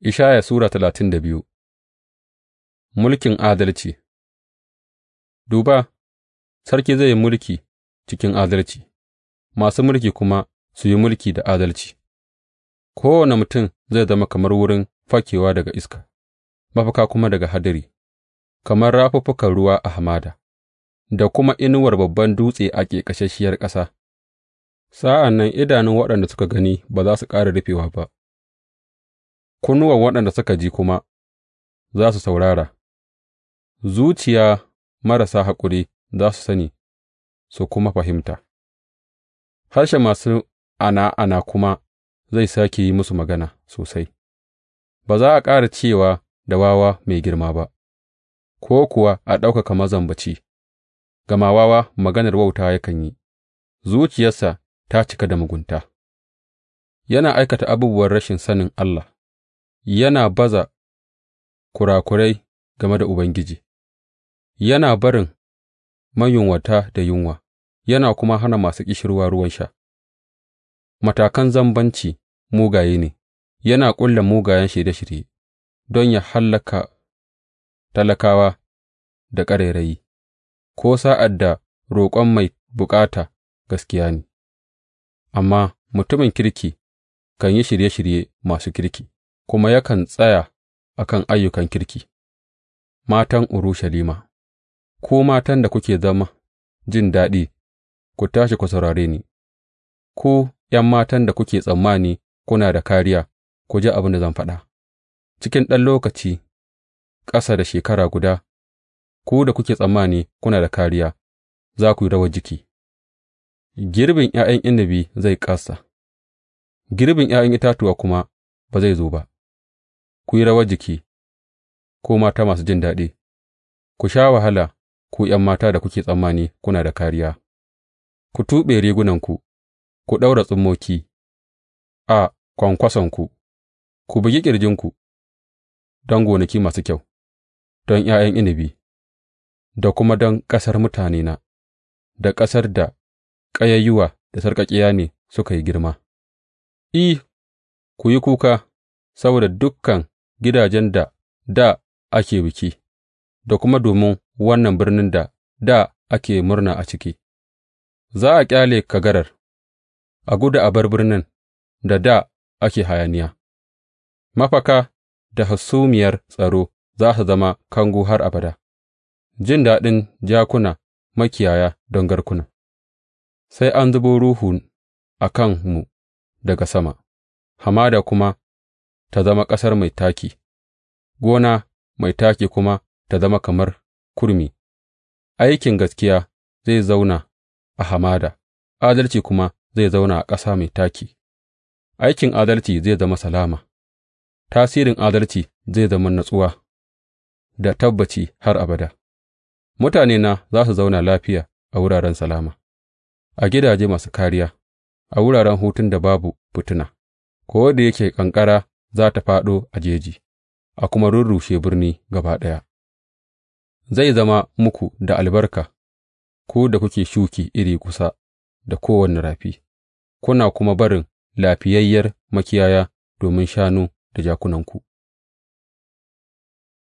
Ishaya Sura talatin da biyu Mulkin adalci Duba, sarki zai yi mulki cikin adalci, masu mulki kuma su yi mulki da adalci, kowane mutum zai zama kamar wurin fakewa daga iska, mafaka kuma daga hadari, kamar rafuffukan ruwa a hamada, da kuma inuwar babban dutse a ƙeƙasasshiyar ƙasa, sa'an nan idanun waɗanda suka gani ba za su ƙara rufewa ba. kunnuwan waɗanda suka ji kuma za su saurara, zuciya marasa haƙuri za su sani su kuma fahimta, harshen masu ana-ana kuma zai sake yi musu magana sosai, ba za a ƙara cewa da wawa mai girma ba, ko kuwa a ɗaukaka mazambaci, gama wawa maganar wauta yakan yi, zuciyarsa ta cika da mugunta, yana aikata abubuwan rashin sanin Allah. yana baza kurakurai game da Ubangiji, yana barin mayunwata da yunwa, yana kuma hana masu ƙishirwa ruwan sha, matakan zambanci mugaye ne, yana ƙulla mugayen shirye-shirye don ya hallaka talakawa da ƙarairayi, ko sa'ad da roƙon mai bukata gaskiya ne, amma mutumin kirki kan yi shirye shirye masu kirki. kuma yakan tsaya a kan ayyukan kirki, matan Urushalima, Ko matan da kuke zama jin daɗi, ku tashi ku saurare ni, Ko ’yan matan da kuke tsammani kuna da kariya, ku ji abin da zan faɗa. Cikin ɗan lokaci, ƙasa da shekara guda, ku da kuke tsammani kuna da kariya, za ku yi rawar jiki. Girbin ’ya'yan inabi zai ƙasa girbin ’ya'yan itatuwa kuma ba zai zo ba. ku yi rawar jiki, ko mata masu jin daɗi, ku sha wahala, ku ’yan mata da kuke tsammani kuna da kariya. ku tuɓe rigunanku, ku ɗaura tsummoki a kwankwasonku, ku bugi ƙirjinku don gonaki masu kyau, don ’ya'yan inabi, da kuma don ƙasar mutanena, da ƙasar da ƙayayyuwa da sarƙaƙiya ne suka yi girma, I, ku yi kuka saboda dukan gidajen da dā ake biki, da kuma domin wannan birnin da dā ake murna a ciki, za a ƙyale kagarar, a gudu a bar birnin da dā ake hayaniya, mafaka da hasumiyar tsaro za su zama kango har abada, jin daɗin jakuna makiyaya don garkuna, sai an zubo ruhu a kanmu daga sama, hamada kuma ta zama ƙasar mai taki, gona mai taki kuma ta zama kamar kurmi, aikin gaskiya zai zauna a hamada, adalci kuma zai zauna a ƙasa mai taki, aikin adalci zai zama salama, tasirin adalci zai zama natsuwa da tabbaci har abada, mutanena za su zauna lafiya a wuraren salama, a gidaje masu kariya, a wuraren hutun da babu fitina, ko da yake ƙanƙara za tă fāɗo a jeji a kuma rurrushe birni gaba ɗaya, zai zama muku da albarka, ku da kuke shuki iri kusa da kowane rafi, kuna kuma barin lafiyayyar makiyaya domin shanu da jakunanku.